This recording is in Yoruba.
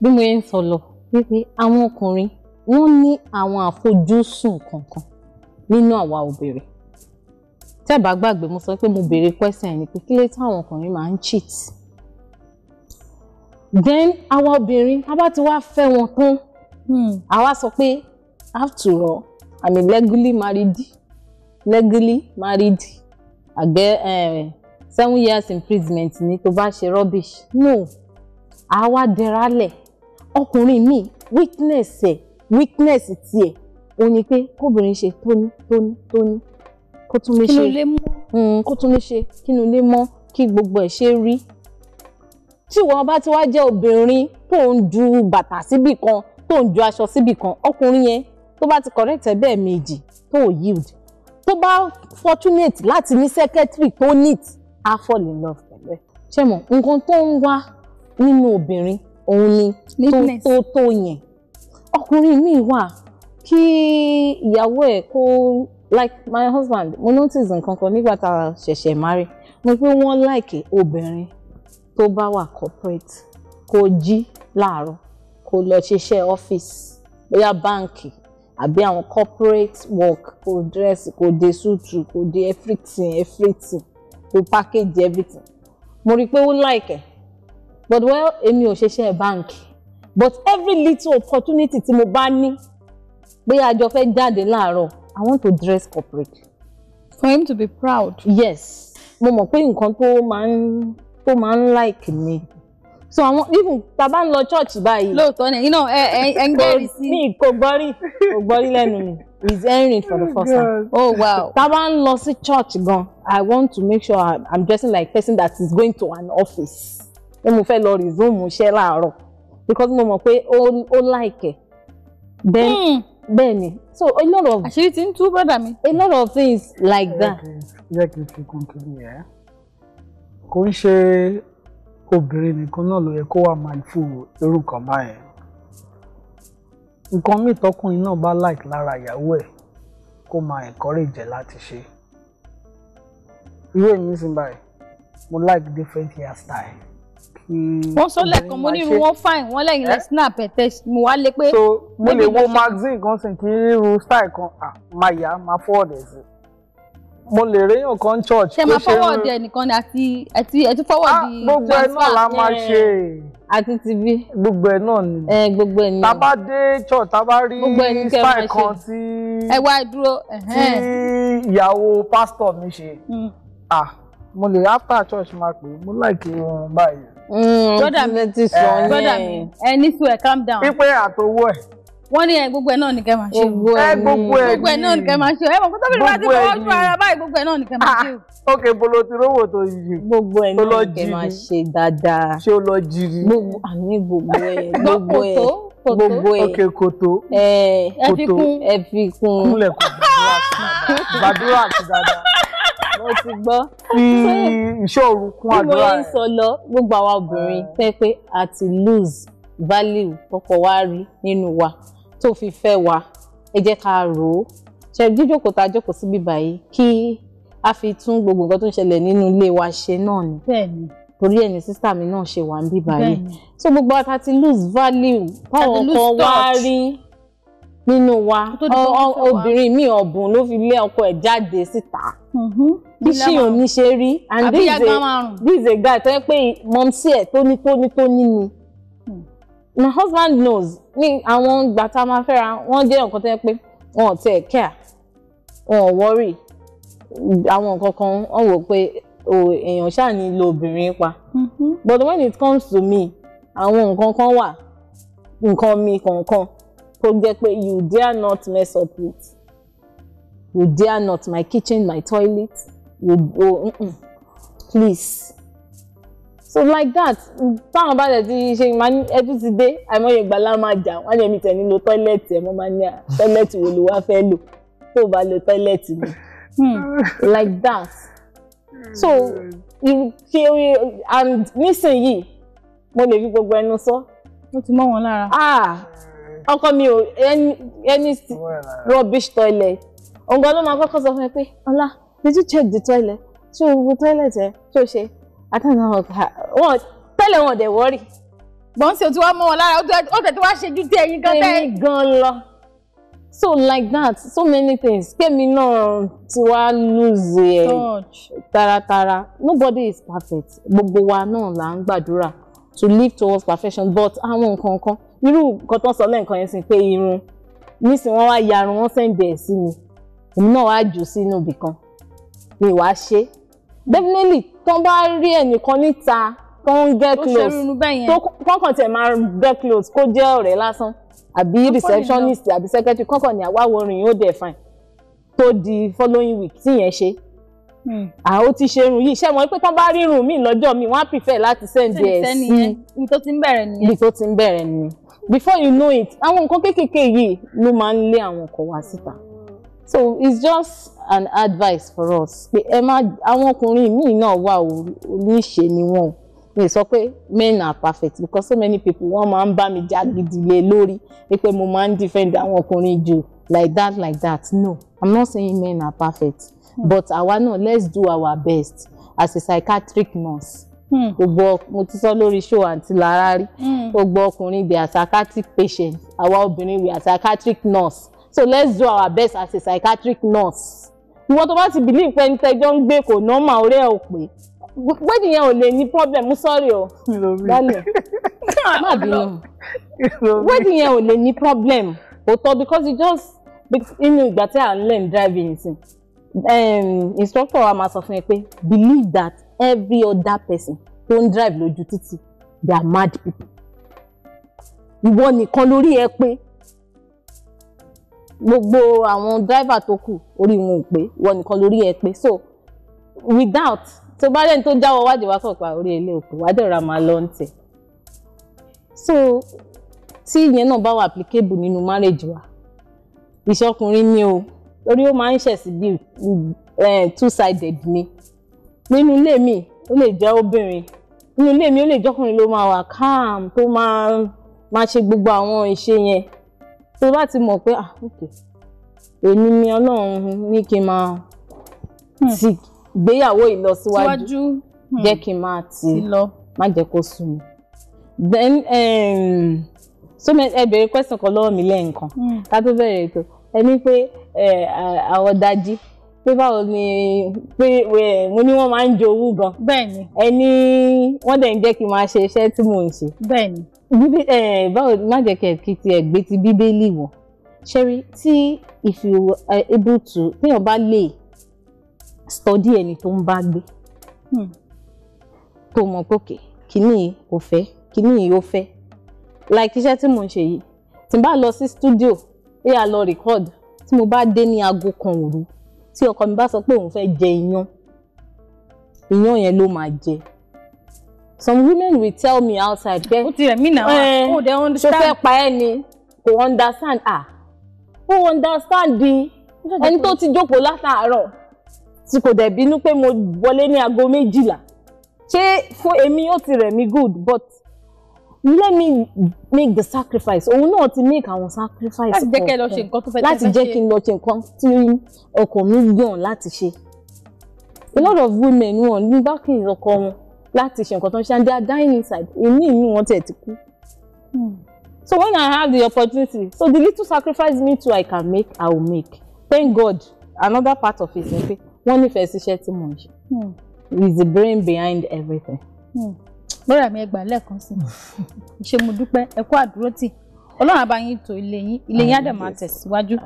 bí mo yẹn ń sọ lọ wípé àwọn ọkùnrin wọ́n ní àwọn àfojúsùn kankan nínú àwa obìnrin tẹ́ bá gbàgbé mo sọ pé mo béèrè question ni pé kí lè táwọn ọkùnrin máa ń cheat then àwa obìnrin a bá ti wá fẹ́ wọn tán àwa hmm. sọ pé after all I mean legally married legally married àgbẹ̀ uh, eh, seven years imprisonment ni tó bá ṣe rubbish no àwa dẹ̀rálẹ̀ ọkùnrin míì weakness ẹ̀ weakness tiẹ̀ ó ní pé kóbìnrin ṣe tóní tóní tóní kó tún lè ṣe hmm, kó tún lè ṣe kí inú ilé mọ́ kí gbogbo ẹ̀ ṣe rí tí ìwọ bá ti wá jẹ́ obìnrin tó ń ju bàtà síbì kan tó ń ju aṣọ síbì kan ọkùnrin yẹn tó bá ti correct ẹ bẹ́ẹ̀ méjì tó ò yield tó bá fortunate láti ní secretary tó neat á fall in love pẹ̀lú ẹ̀ ṣé mo nǹkan tó ń wá nínú obìnrin òun ni tó tó yẹn ọkùnrin mi wà kí ìyàwó ẹ̀ kó like my husband mo notice nǹkan kan nígbà tá a ṣẹ̀ṣẹ̀ marry mo pé wọ́n like obìnrin tó bá wà corporate kó jí láàárọ̀ kó lọ ṣiṣẹ́ office. bóyá báǹkì àbí àwọn corporate work kó dress kó de suutu kó de everything everything kó package everything mo rí i pé ó like ẹ̀ but well èmi ò ṣiṣẹ́ bank. but every little opportunity tí mo bá ní pé àjọ fẹ́ jáde láàárọ̀ I want to dress corporate. for him to be proud. yes mo mọ̀ pé nǹkan tó máa ń tó máa ń like me. so àwọn even tá bá ń lọ church báyìí. lóòótọ́ ni you know, ẹ ẹ ń gbẹ́rì sí. mi kò gbọ́rí kò gbọ́rí lẹ́nu mi he's hearing for the first time. oh wow. tá bá ń lọ sí church gan i want to make sure I'm dressing like person that is going to an office pé mo fẹ́ lọ resume iṣẹ́ láàárọ̀ because mo mọ̀ pé ó like bẹ́ẹ̀ hmm. bẹ́ẹ̀ ni so a lot of àṣírí ti ń tú brother mi a lot of things like that. yẹ kí n fi kún kí ni ẹ kò ń ṣe obìnrin nìkan náà ló yẹ kó wà mindful irú nǹkan báyẹn nǹkan míì tọkùnrin náà bá like lára ìyàwó ẹ̀ kó máa encourage ẹ̀ láti ṣe irú èmi sì báyìí mo like different hairstyle Mm, wọ́n sọ lẹ́ẹ̀kan mo ní irú wọn fine wọ́n lẹ́yìn eh? lẹ́ snap ẹ̀tẹ́ mo wá lé pé. so mo lè wo magazine kan sì kí irú style kan ah, máa yá máa forward ẹ̀ sí mo lè réyàn kan church. ṣe máa forward ẹ nìkan ni àti ẹtí ẹtí forward di ah, transfer. gbogbo ẹ náà la máa ṣe. àti tv. gbogbo ẹ náà ni. ẹ eh, gbogbo ẹ ni. tá bá dé church tá bá rí style kan tí. ẹ wá dúró. tí ìyàwó pastor mi ṣe. Mm. ah mo lè after church máa pè é mo láìkí irun báyìí. Mm, brother mi eh, brother mi ẹ ní sùn ẹ calm down. pípé àtowó ẹ. wọ́n ní ẹ gbogbo ẹ náà ní kẹ́ máa ṣe. gbogbo ẹ eh, ní gbogbo ẹ náà ní kẹ́ máa ṣe. ẹ mọ̀ kó tóbi nípa tí mo wọ́n ju ara báyìí gbogbo ẹ náà ní kẹ́ máa ah, ṣe. ok bolo ti rówó tó yí. gbogbo ẹ náà ní kẹ́ máa ṣe dáadáa. ṣé o lọ jiri. gbogbo àmì gbogbo ẹ gbogbo ẹ gbogbo ẹ ok koto. ẹ eh, ẹ fi kún ẹ fi kún. kúnlẹ̀ kò gbàdúrà sí dáadáa. mo ti gbọ́. fi ìṣòro kún àdúrà ẹ̀. bí mo ń sọ lọ gbogbo àwa obìnrin fẹ́ eh. pé lose value tọkọ wa rí nínú wa tó fi fẹ́ wa ẹ jẹ́ ká rò ó ṣe jíjókòó tá a jókòó síbí báyìí kí a fi tún gbogbo nǹkan tó ń ṣẹlẹ̀ nínú ilé wa ṣe náà ni. torí ẹni sísá mi náà ṣe wà ń bí báyìí so gbogbo ata lose value táwọn kan wá rí nínú wa obìnrin mi ọ̀bùn ló fi lé ọkọ ẹ̀ jáde síta bí mm-hmm. ṣìyàn mi ṣe rí and this is a this is a guy tó yẹ pé mọ̀mísí ẹ̀ tónítónítóní ni hmm. my husband knows ní àwọn gbàtà máa fẹ́ra wọ́n jẹ́ nǹkan tó yẹ pé wọn ò tiẹ̀ care wọn ò worry àwọn nǹkan kan wọn wò pé èèyàn ṣáà ní lo obìnrin pa mm-hmm. but when it comes to me àwọn nǹkan kan wà nǹkan mi kọ̀ọ̀kan kó jẹ́ pé you dare not mess up with you dare not my kitchen my toilet you go mm -mm, please so like that táwọn bá tẹ̀ ti ṣe ẹtú ti dé àìmọye ìgbà la máa jà wọ́n á jẹ́ mi tẹ̀ nílò tọ́ílẹ̀tì ẹ̀ mo máa ní à tọ́ílẹ̀tì wo ló wá fẹ́ lò tó o bá lo tọ́ílẹ̀tì mi hmm, like that so ṣe and nísìnyí mo lè fi gbogbo ẹnu sọ. ó ti mọ́ wọn lára. ah ọkọ mi ò any rubbish toilet ọ̀gbọ́n ló máa kọ́kọ́ sọ fún mi pé ọlá did you check the toilet ṣé o gbogbo toilet ẹ ṣé o ṣe àtàwọn wọn tẹ́lẹ̀ wọn dẹ̀ wọ́rì. gbọ́n sí o ti wá mọ́ wọn lára ó tẹ̀ tí wá ṣe ju tí ẹyin gan tẹ́. èmi gan lọ so like that so many things kémi náà ti wá lose ẹ taratara nobody is perfect gbogbo wa náà là ń gbàdúrà to live towards perfection but àwọn nǹkan kan irú nǹkan tó ń sọ lẹ́ǹkan yẹn sì pé irun nísìnyí wọ́n wá yarun wọ́n sẹ́ǹdẹ̀ sí mi èmi náà wá jù sínú ibì mi wá ṣe definitely tó ń bá rí ẹnìkan níta tó ń get close tó kọ́kàn tẹ̀ máa get close kó jẹ́ ọ̀rẹ́ lásán àbí receptionist àbí secretary kọ́kàn ní àwáwo rìn yóò dẹ̀ fine tó di following week tí yẹn ṣe Hmm. à ó ti ṣe irun yìí ṣé mo pé tán bá rí irun mi lọ́jọ́ mi wọ́n á prefer láti send ẹ̀ sí ibi tó ti ń bẹ̀rẹ̀ nìyẹn ibi tó ti ń bẹ̀rẹ̀ nìyẹn before you know it àwọn nǹkan kéékèèké yìí ló máa ń lé àwọn ọkọ wa síta so it's just an advice for us pé ẹ má àwọn ọkùnrin míì náà wà oníṣe ni wọn o mi sọ pé men are perfect because so many people wọn máa ń bá mi já gidile lórí pé mo máa ń defend àwọn ọkùnrin jù like that like that no i'm not saying men are perfect but àwa náà let's do our best as a psychiatric nurse hmm. gbogbo mo ti sọ lórí show àǹtí lára rí hmm. gbogbo ọkùnrin they are psychiatric patients àwa obìnrin we a psychiatric nurse so let's do our best as a psychiatric nurse ìwọ tó bá ti believe pé ẹni tẹjọ ń gbé kò nọ́mà orí ẹ̀ ò pé wedding yẹn ò lè ní problem sorry o lálẹ́ má bínú wedding yẹn ò lè ní problem òótọ́ because you just inú ìgbà tí à ń learn driving sí um, instructor wa máa sọ fún ẹ pé believe that every other person tó ń drive lójú títì they are mad people ìwọ nìkan lórí ẹ pé gbogbo àwọn driver tó kù orí wọn ò pé ìwọ nìkan lórí ẹ pé so without tó bá lẹ́ni tó jáwọ́ wádìí wá kọ̀ọ̀pá orí ilé òkú wádìí ọ̀rọ̀ máa lọ ń tẹ̀ so tí ìyẹn náà bá wà applicable nínú marriage wa ìṣọkùnrin ni o torí ó máa ń ṣẹ̀sì bí two sided ni nínú ilé mi ó lè jẹ́ obìnrin nínú ilé mi ó lè jọ́kùnrin ló máa wà calm tó máa máa ṣe gbogbo àwọn ìṣe yẹn tó bá ti mọ̀ pé ah ok èmi ni ọlọ́run ní kí n máa hmm. ti gbéyàwó ìlọsíwájú hmm. jẹ́ kí n máa ti lọ má jẹ́ kó sùn mí. then um, so ẹ bèrè question kan lọ́wọ́ mi lẹ́ẹ̀kan hmm. ká tó bẹ̀rẹ̀ ètò ẹni pé àwọ̀dájí pé báwo ni pé mo ní wọ́n máa ń jowú gan. bẹ́ẹ̀ni. ẹni wọ́n dẹ̀ ń jẹ́ kí n máa ṣe iṣẹ́ tí mò ń ṣe. bẹ́ẹ̀ni. bíbí báwo má jẹ́ kí tiẹ̀ gbé ti bíbélì wọ̀ ṣẹ́rí tí if you are able to téèyàn bá lè study ẹni tó ń bá gbé tó hmm. mọ̀ pé òkè kínní ò fẹ́ kínní ò fẹ́ like iṣẹ́ tí mò ń ṣe yìí tí n bá lọ sí studio ó yà lọ record tí mo bá dé ní aago kan òru tí ọkọ mi bá sọ pé òun fẹ́ jẹ iyán iyán yẹn ló máa jẹ some women will tell me outside pé ó ti understand ṣó fẹ́ pa ẹ́ ni kò understand ah ó understand di ẹni tó ti jókòó látàárọ̀ tí kò dẹ̀ bínú pé mo wọlé ní aago méjìlá ṣé fún èmi ó ti rẹ̀ mí good but let me make the sacrifice òun náà ti make our sacrifice kọ̀ọ̀kan láti jẹ́ kí n lọ ṣe nǹkan tí ọkọ mi yàn láti ṣe a lot of women wọn ní bákìlì ọkọ wọn láti ṣe nǹkan tó ń ṣe and they are dying inside èmi ìmú wọn tẹ̀ ti kú. Hmm. so when i have the opportunity so the little sacrifice me too i can make i will make thank god another part of it ni pé wọ́n nífẹ̀ẹ́ síṣẹ́ tí mo ń ṣe hmm. is the brain behind everything. Hmm lọ́rọ̀ mi ẹgbàá lẹ́ẹ̀kan sí i ṣé mo dúpẹ́ ẹ kú àdúrótì ọlọ́run á bá yín ilé yín ilé yín á dẹ̀ máa tẹ̀síwájú.